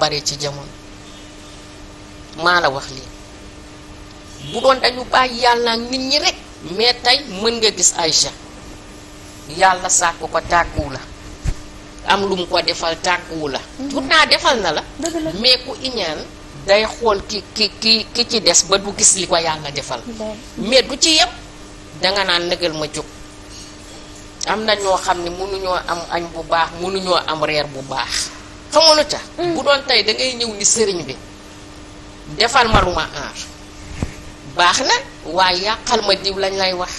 bare ci jamono maa la wax lii bu doon dañu bàyyi yàlla nit ñi rek mais tey mën nga gis Aïcha yàlla sàkk ko tàkkuwu la am lu mu ko defal tàkkuwu la jur mm-hmm. naa defal na la mais ku iñaan day xool ki ki ki ci des ba du gis li ko yàlla defal mm-hmm. mais ci yem danga naan nëgal ma jóg am na ñoo xam ne mënuñoo am añ bu baax mënuñoo am reer bu baax xam nga lu bu doon tey da ngay ñëw li sëriñ bi defal ma lu ma aar baax na waaye yàqal ma diw lañ lay wax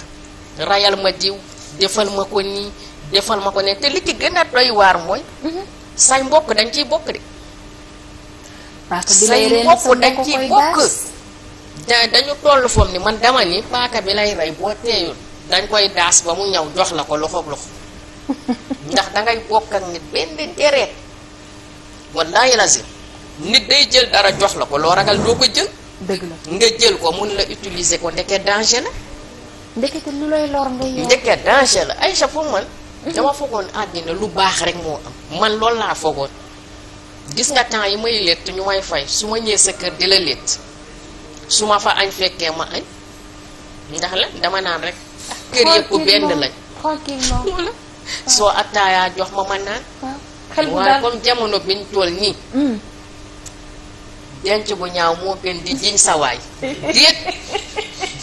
rayal ma diw defal ma ko nii defal ma ko ne te li ci gën a doy waar mooy hmm. say mbokk dañ ciy bokk de say mbokk dañ ciy bokk da dañu toll foom ni man dama ni paaka bi lay rey boo teeyul dañ koy daas ba mu ñaw jox la ko loxoog loxo ndax dangay bokk ak nit benn deret wallaahi lazim nit day jël dara jox la ko loo ragal doo ko jël. dëgg nga jël ko mun la utiliser ko ndeke danger la. ndekete lu lay lor nga yow. ndeke danger la Aïcha pour man. dama foogoon àddina lu baax rek moo am. man loolu laa foogoon gis nga temps yi may létt ñu may fay su ma ñëwee sa kër di la létt su ma fa añ fekkee ma añ ndax la dama naan rek. kër yëpp benn lañ. tranquillement soo attaayaa jox ma ma naan. Ah. xel bu daal comme jamono bi ñu toll nii. Mm. denc bu ñaaw moo gën di jiñ sawaay déet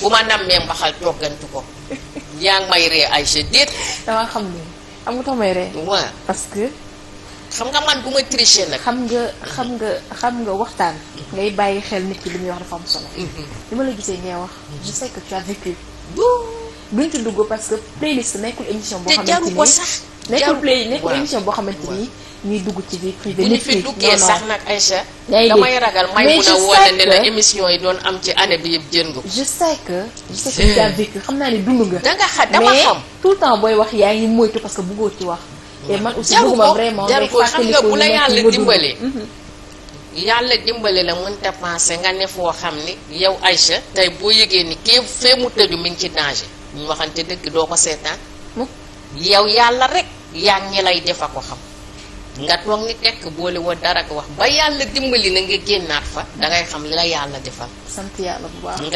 bu ma nammee mbaxal toggantu ko yaa ngi may ree Aïcha déet. damaa xam ne am nga tax may parce que. xam nga man bu ma tricher nag. xam nga xam nga xam nga waxtaan. ngay bàyyi xel nit ki li muy wax dafa am solo. Mm-hmm. li ma la gisee ngay wax. je sais que tu as vécu. duñ parce que playlist nekkul émission boo. xam ni te ko sax. nekkul play nekkul émission boo xamante ni ñuy dugg ci vie privée nit ki duggee sax nag Aïcha damay ragal may mun a woote ne la émission yi doon am ci année bi yëpp jën nga je sais que je sais que tu as vécu xam naa ne dund nga danga xam dama xam tout le temps booy wax yaa ngi moytu parce que bëggoo ci wax et man aussi bëgguma vraiment jaru ko xam nga bu la yàlla dimbalee mhm. yàlla dimbali la mënta pensé nga ne foo xam ni yow Aïcha tey boo yëgee ni kii fee mu tëju mi ngi ci danger ñu waxante dëgg doo ko seetaan yow yàlla rek yaa ñi lay defa ko xam mm. nga toog ni tekk boole woo dara ko wax ba yàlla dimbali na nga génnaat fa dangay xam la yàlla defal. sant nga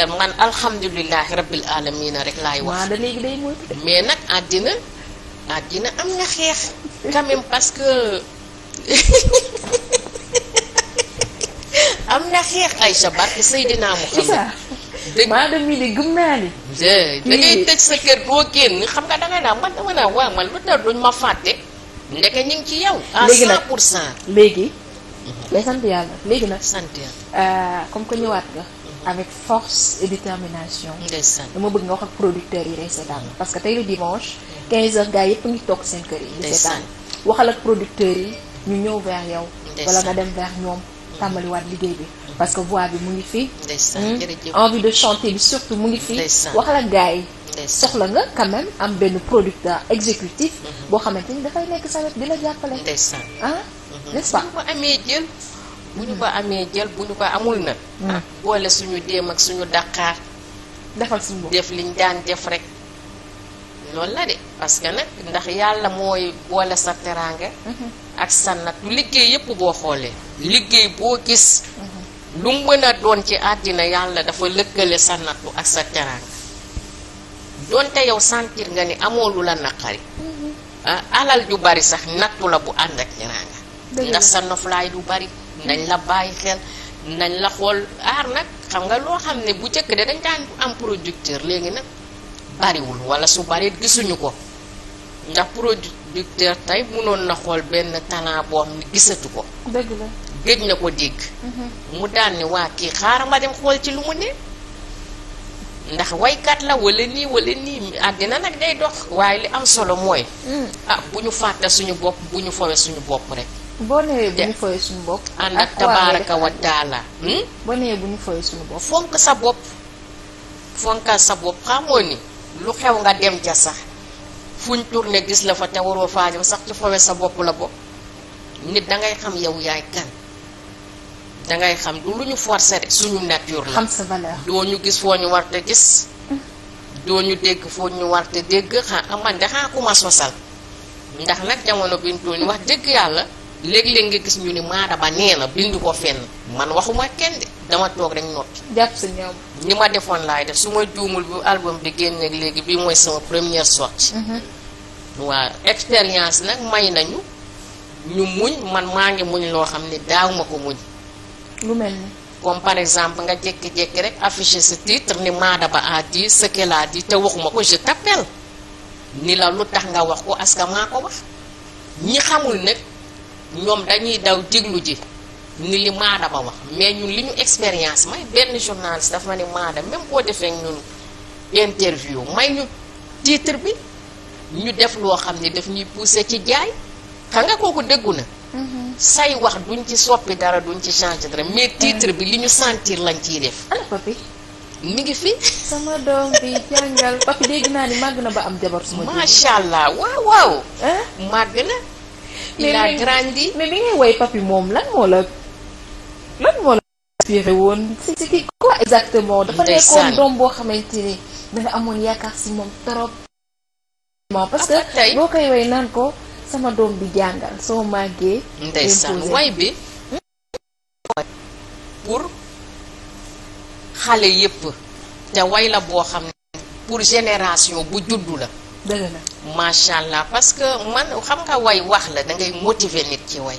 man alhamdulilah rabbil alamina rek lay wax. waaw léegi mais nag àddina àddina am na xeex. quand même parce que am na xeex ay sa barke Seydina Muhammad. dëgg maa dem gëm naa ni. da tëj sa kër boo génn xam nga da nga naa man dama naa waaw man lu tax duñ ma fàtte ndeke ñu ci yow à pour cent léegi mhm. mais sant yàlla léegi nag sant yàlla euh, comme que ñëwaat nga mhm. avec force et détermination dama bëgg nga wax ak producteurs yi lay seetaan mhm. parce que tey le dimanche quinze heures gars yëpp ngi toog seen kër yi seetaan waxal ak producteurs yi ñu ñëw vers yow wala nga dem vers ñoom tàmbaliwaat liggéey bi parce que voix bi mu ngi fi hmm? envie de chanter bi surtout mu ngi fi waxal ak gars yi soxla nga quand am benn producteur exécutif hmm. boo xamante ni dafay nekk sa wet di la jàppale ah hmm. n'est-ce ko amee jël bu ñu ko amee jël bu ko amul na ah, boole suñu déem ak suñu daqaar defal suñu def liñ daan jaf rek loolu la de parce que nag ndax yàlla mooy boole sa teraanga. ak sa nag liggéey yépp boo xoolee. liggéey boo gis. lu mën a doon ci àddina yàlla dafa lëkkale sa nattu ak sa teraanga doonte yow sentir nga ni amoo lu la naqari ah, alal ju bari sax nattu la bu ànd ak teraanga ndax sa noflaay du bari nañ la bàyyi xel nañ la xool aar nag xam nga loo xam ne bu jëkk de dañ daan am producteur léegi nag bariwul wala su bari gisuñu ko ndax producteur tey mënoon na xool benn talent gisatu ko. dëgg la na ko dégg. Mhm. mu daan ne waa kii xaaral ma dem xool ci lu mu ne. ndax waykat la wala nii wala nii àddina nag day dox. waaye li am solo mooy. Mm. ah bu ñu fàtte suñu bopp bu ñu fowee suñu bopp rek. boo newee bu ñu fowee suñu bopp. ànd ak tabaaraka wa taala. Hmm? boo newee bu ñu fowee suñu bopp. fonk sa bopp fonkal sa bopp xamoo ni. lu xew nga dem ca sax fuñ tourné gis la fa te waroo faa ñëw sax ci fowe sa bopp la bopp nit dangay xam yow yaay kan dangay xam du lu ñu forcé de suñu nature la xam sa valeur doo ñu gis foo ñu war te gis doo ñu dégg foo ñu war te dégg xa man de ku ma sosal ndax nag jamono bi ñu toll wax dëgg yàlla léegi léeg nga gis ñu ni maara ba nee na bind ko fen man waxuma kenn de dama toog rek noppi. jàpp si ni ma defoon laay def su ma juumul bu album bi génneeg léegi bii mooy sama première sortie. Mhm. waaw expérience nag may nañu ñu man maa ngi muñ loo xam ne daaw ko muñ. lu mel ni. comme par exemple nga jékki-jékki rek afficher sa titre ni Maada Ba a dit ce qu'elle te waxuma ko je t'appelle ni la lu tax nga wax ko aska maa ko wax ñi xamul nag. ñoom dañuy daw déglu ji ni li maada ba wax mais ñun li ñu expérience may benn journaliste dafa ma ne maada même boo defee ñun interview may ñu titre bi ñu def loo xam ne daf ñuy pousser ci jaay xam nga kooku déggu na mm-hmm. say wax duñ ci soppi dara duñ ci changer dara mais tiitre bi li ñu sentir lañ ciy def mi ngi fi. sama doom bi jàngal papi dégg naa ni màgg na ba am jabar. macha allah waaw waaw. Eh? màgg na. il bi ngay woy papi moom lan moo la lan moo la inspiré woon si si quoi exactement dafa nekkoon doom boo xamante ni dafa amoon yaakaar si moom trop parce que ah, boo koy woy naan ko sama doom bi jàngal soo màggee ndeysaan way bi pour xale yépp te way la boo xam ne pour génération bu juddu la dëgg macha allah parce que man xam nga way wax la da ngay motiver nit ci way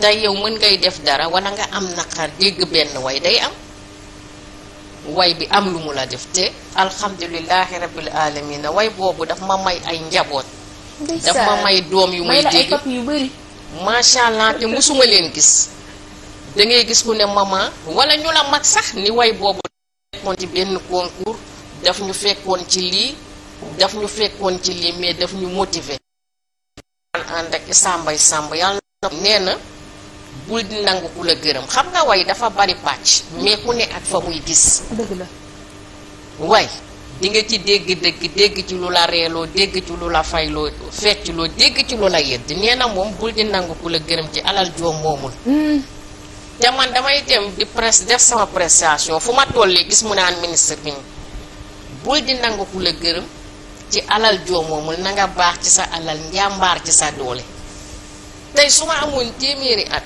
tey yow mën ngay def dara wala nga am naqar dégg benn way day am way bi am lu mu la def te alhamdulilahi rabbil alamina way boobu daf ma may ay njaboot daf ma may doom yu may dégg macha allah te musuma leen gis dangay gis ku ne mama wala ñu la mag sax ni way boobu fekkoon ci benn concours daf ñu fekkoon ci lii daf ñu fekkoon ci lii mais daf ñu motiver an sàmbay sàmb yàlla na nee na bul di nangu ku la gërëm xam nga way dafa bari pàcc mais ku ne ak fa muy gis dëgg la way nga ci dégg dëgg dégg ci lu la reeloo dégg ci lu la fayloo fecc loo dégg ci lu la yedd nee na moom bul di nangu ku la gërëm ci alal joo moomul hmm. te man damay dem def sama prestation fu ma tollee gis mu naan ministre bi bul di nangu ku la gërëm ci alal joo nanga baax ci sa alal njàmbaar ci sa doole tey su ma amoon téeméeri at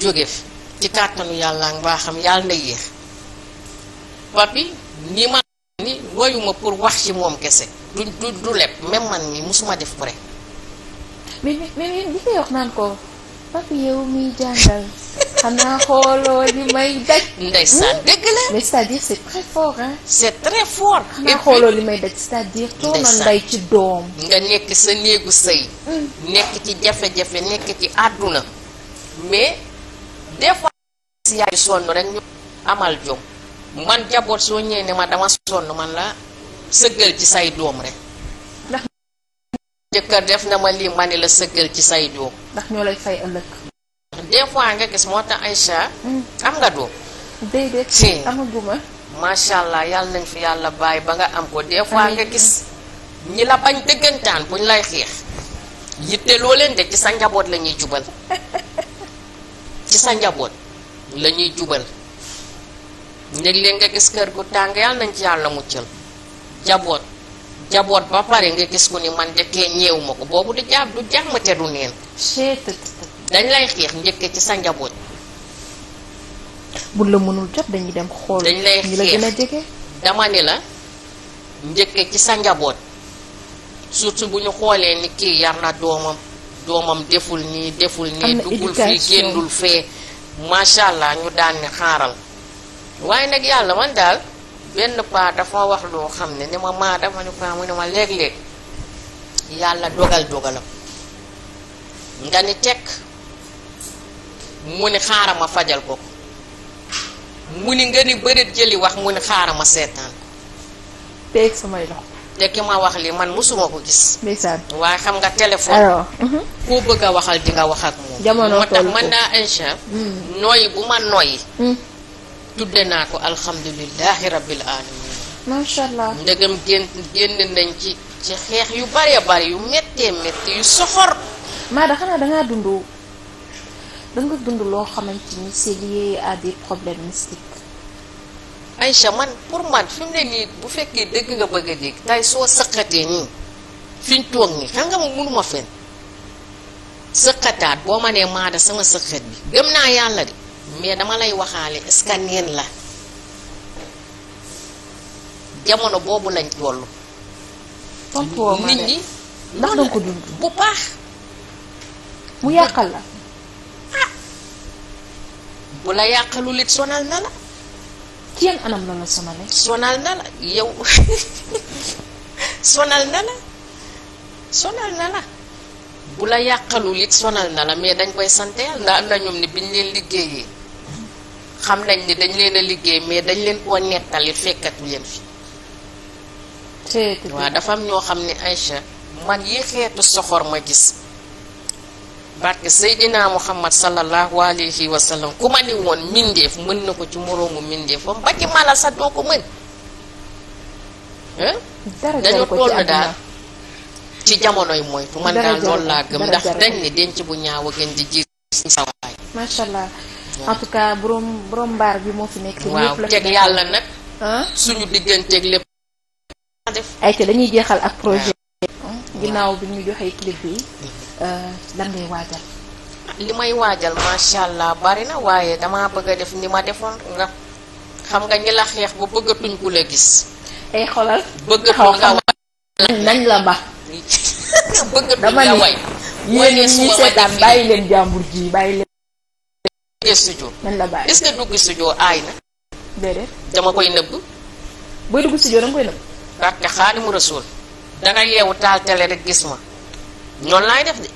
jóge fi ci kàttanu yàlla ak mbaaxam yàlla na yéex papi ni ma ni wayuma pour wax ci moom kese du du du leb même man mi musuma def prêt mais mais mais li wax naan ko papa yow miy jàngal xanaa xooloo li may daj. ndeysaan dëgg la. mais cest c'est très fort c'est très fort. xanaa xooloo li may daj cest à nday ci doom. nga nekk sa néegu sëy. nekk ci jafe-jafe nekk ci àdduna. mais des fois. si yaay sonn rek ñu amal jom man jaboot soo ñëwee ne ma dama sonn man la sëggal ci say doom rek. jëkkër def na ma lii ma ne la sëggal ci say doom ndax ñoo lay fay ëllëg nga gis moo tax Aïcha hmm. am nga doom déedéet si amaguma allah yàlla nañ fi yàlla baay ba nga am ko des nga gis ñi la bañ dëggantaan buñ lay xeex yitte looleen de ci sa njaboot la ñuy jubal ci sa njaboot la ñuy jubal léeg-léeg nga gis kër gu tàng yàlla nañ ci yàlla mu muccal njaboot jaboot ba pare nga gis ko ni man de kee ñeewu ma ko boobu du jaab du jàmm te du neen dañ lay xeex njëkk ci sa njaboot bu mënul jot dañuy dem xool dañ lay xeex dama ni la njëkkee ci sa njaboot surtout bu ñu xoolee ni kii yar na doomam doomam deful nii deful nii duggul fii génnul fee macha allah ñu daan ni xaaral waaye nag yàlla man daal benn paa dafa wax loo xam ne ne ma maa dama ne paa ah, mu ne ma léeg-léeg yàlla dogal dogalam nga ni tekk mu ni xaaral ma fajal ko mu ni nga ni bëreet jëli wax mu ni xaaral ma seetaan ko teeg samay loxo te ki ma wax li man mosuma ko gis waaye xam nga téléphone mhm. koo bëgg a waxal di nga wax ak moom moo tax man daa Aïcha hmm. noyyi bu ma noyyi hmm. tudde naa ko alhamdulilahi rabbil alamin macha allah ndegam génn génn nañ ci ci xeex yu bare bare yu méttee métti yu soxor maada xanaa dangaa dund danga dund loo xamante ni c'est lié à des problèmes mystiques man pour man fi ne nii bu fekkee dëgg nga bëgg a dégg tay soo sëqatee nii fiñ toog nii xam nga ma mënuma fen sëqataat boo ma nee maada sama sëqat bi gëm naa yàlla de mais dama lay waxaale scanner la jamono boobu lañ toll. nit ñi ndax bu yàqal la. ah bu la yàqalul it sonal na la. ci yan anam la la sonalee. sonal na la yow sonal na la sonal na la. bu la yàqalul it sonal na la mais dañ koy sant yàlla ndax am na ñoom ne biñ leen liggéeyee. xam nañ ni dañ leen a liggéey mais dañ leen koo nettalit fekkatu leen fi waaw dafa am ñoo xam ne Aïcha man yi xeetu soxor ma gis barke Seydina Muhammad sallallahu alayhi wa sallam ku ma ni woon mbindeef mën na ko ci moroomu mbindeefam ba ci mala doo ko mën dañu toll daal ci jamonoy moytu man daal loolu laa gëm ndax dañ ni denc bu ñaaw a gën di jiir sawaay en tout cas borom borom mbaar bi moo fi nekk. te ñëpp la teg yàlla nag. suñu digganteeg lépp. ay te dañuy jeexal ak projet. ginnaaw bi ñu joxee clip yi. Euh, lan ngay waajal. li may waajal macha allah bari waaye dama bëgg a def ni ma defoon nga xam nga ñi la xeex ba bëggatuñ ku la gis. ay xolal bëggatuñ nga way nañ la ba. dama ne yéen ñi seetaan bàyyi leen jàmbur ji bàyyi leen. duggee studio. nan la bàyyi aay na. dama koy nëbb. booy dugg studio danga koy nëbb. barke Xaadimu Rasuul danga yeewu taal télé rek gis ma noonu laay def de.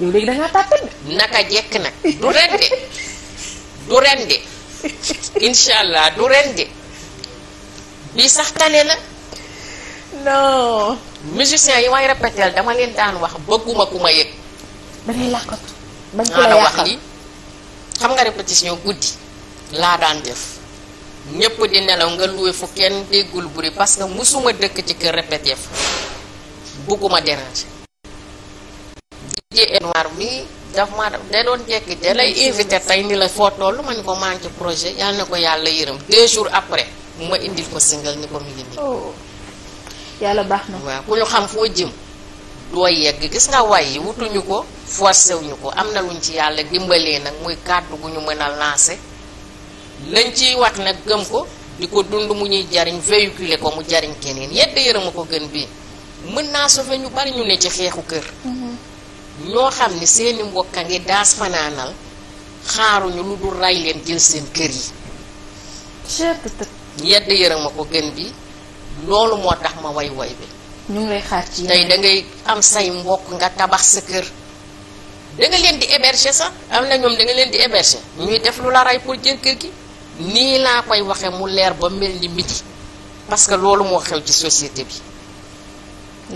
yow léegi da tàttal de. naka jekk nag du ren de du ren de du ren de sax tane na. non. musiciens yi may répété dama leen daan wax bëgguma ku ma yëg. da ngay làkkatu ko la wax lii. xam nga répétition guddi laa daan def ñëpp di nelaw nga luwe fu kenn déggul bu parce que musuma dëkk ci kër répété fa bugguma déranger DJ Noir mi daf ma da doon jekki da lay invité ni la foo toll ma ni ko maa ngi ci projet yàlla na ko yàlla yërëm deux jours après ma indil ko single ni ko mu oh. yàlla baax na waaw ku ñu xam foo jëm doo yegg gis nga way yi wutuñu ko forcé wuñu ko am na luñ ci yàlla dimbalee nag muy kàddu gu ñu mën a lancé lañ ciy wax nag gëm ko di ko dund mu ñuy jariñ véhiculer ko mu jariñ keneen yedd yërëma ko gën bi mën naa sauver ñu bari ñu ne ci xeexu kër mm-hmm. ñoo xam ni seeni mbokk a ngi daas fanaanal xaaruñu lu dul ray leen jël seen kër yi yedd yërëma ko gën bi loolu moo tax ma woy woy bi ñu ngi lay xaar ci tey da ngay am say mbokk nga tabax sa kër. da leen di héberger sax am na ñoom da nga leen di héberger ñuy def lu la ray pour jël kër gi nii laa koy waxee mu leer ba mel ni midi parce que loolu moo xew ci société bi.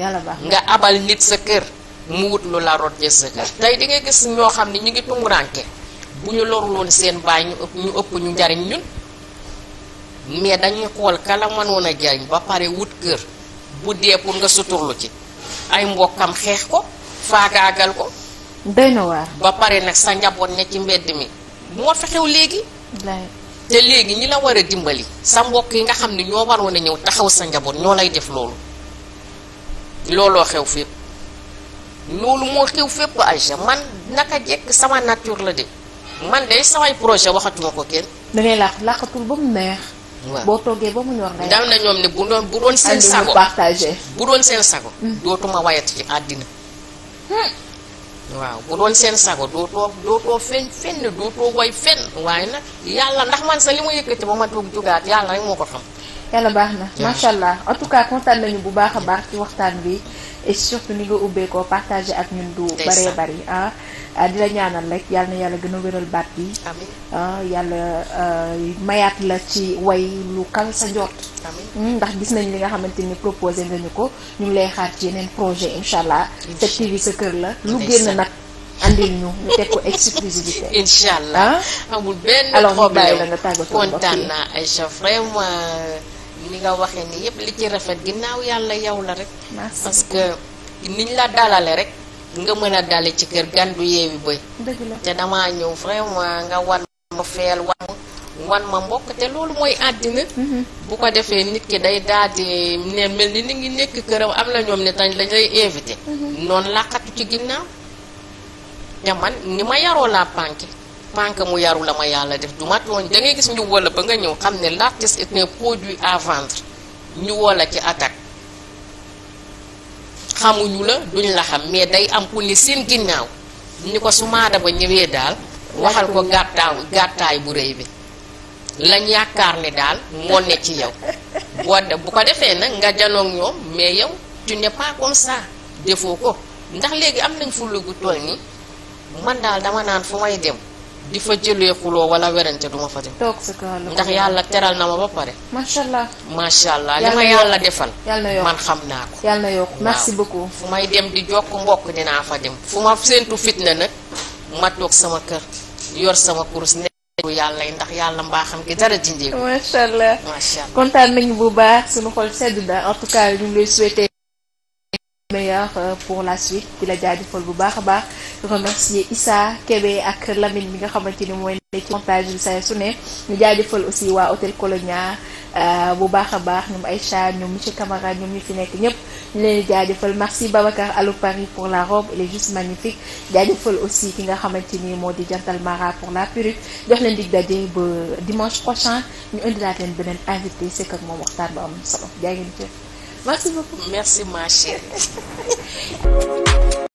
yàlla baax nga abal nit sa kër mu wut lu la rotee sa kër. tey di nga gis ñoo xam ne ñu ngi tumuranke bu ñu loruloon seen baay ñu ëpp ñu ëpp ñu njariñ ñun mais dañuy xool kala mënoon a jariñ ba pare wut kër. bu dee pour nga suturlu ci ay mbokkam xeex ko faagaagal ko. doy na waar ba pare nag sa njaboot ne ci mbedd mi moo fi xew léegi. te léegi ñi la war a dimbali sa mbokk yi nga xam ne ñoo waroon a ñëw taxaw sa njaboot ñoo lay def loolu looloo xew fépp loolu moo xew ay Aïcha man naka jekk sama nature la de man de samay projet waxatuma ko kenn. da laax laaxatul ba mu neex. boo toogee ba mu ñor nga dal na ñoom ne bu doon bu doon seen sago partagé bu doon seen sago hmm. dootuma wayat ci àddina hmm. waaw bu doon seen sago dootoo dootoo feeñ fenn dootoo way fenn waaye nag yàlla ndax man sa li ma yëkkati ba ma toog jugaat yàlla rek moo ko xam yàlla baax na macha allah en tout cas kontaan nañu bu baax a baax ci waxtaan bi et surtout ni nga ubbee ko partagé ak ñun du baree bari ah Ah, di la ñaanal rek yàlla na yàlla gën a wéral baat bi ah, yàlla ah, mayaat la ci way lu kal sa njort hmm, ndax gis nañ li nga xamante ni proposé nga ñu ko ñu ngi lay xaar ci yeneen projet incha allah 7TV sa kër la lu génn nag andil ñu ñu teg ko exclusivité incha allah amul benn alors ñu bàyyi la nga tàggatoo kontaan naa Aïcha vraiment euh, li nga waxee ni yëpp li ci rafet ginnaaw yàlla yow la rek parce que la dalale rek nga mën a dale ci kër gan du yeewi bëy te damaa ñëw vraiment nga wan ma feel wan wan ma mbokk te loolu mooy àddina mhm. bu ko defee nit ki day daal di ne mel ni ni ngi nekk këram am na ñoom ne tañ lañ lay invité mhm. noonu làqatu ci ginnaaw te man ni ma yaroo laa pànke pànk mu yaru la ma yàlla def du ma tooñ da ngay gis ñu wala ba nga ñëw xam ne l'artiste est un produit à vendre ñu wala ci attaque xamuñu la duñ la xam mais day am ku ne seen ginnaaw ni ko su maada ba ñëwee daal waxal ko gàttaaw gàttaay bu rëy bi lañ yaakaar ne daal moo ne ci yow boo bu ko defee nag nga janoog ñoom mais yow tu n'es pas comme ça defoo ko ndax léegi am nañ fu lugu toll ni man daal dama naan fu may dem di fa jëlee xuloo wala werante du ma fa dem. ndax yàlla teral na ma ba pare. macha allah macha allah li ma yàlla defal. man xam naa ko. yàlla na yokk merci beaucoup. fu may dem di jokk mbokk dinaa fa dem. fu ma séentu fitna nag ma toog sama kër yor sama kurus ne yàlla yi ndax yàlla mbaaxam gi dara di ko. macha allah kontaan nañu bu baax sunu xol sedd na en tout cas ñu ngi lay meilleur euh, pour la suite di la jaajëfal bu baax a baax remercier Issa Kébé ak Lamine bi nga xamante ni mooy ne ci montage bi saa su ne ñu jaajëfal aussi waa hôtel Colonia euh, bu baax a baax ñoom ay Aïcha ñoom monsieur Camara ñoom ñu fi nekk ñëpp ñu leen di jaajëfal merci Babacar Allô Paris pour la robe elle est juste magnifique jaajëfal aussi ki nga xamante ni moo di Jantal Mara pour la perruque jox leen dig daje ba dimanche prochain ñu indilaat leen beneen invité c'est que moom waxtaan ba am merci beaucoup merci ma chérie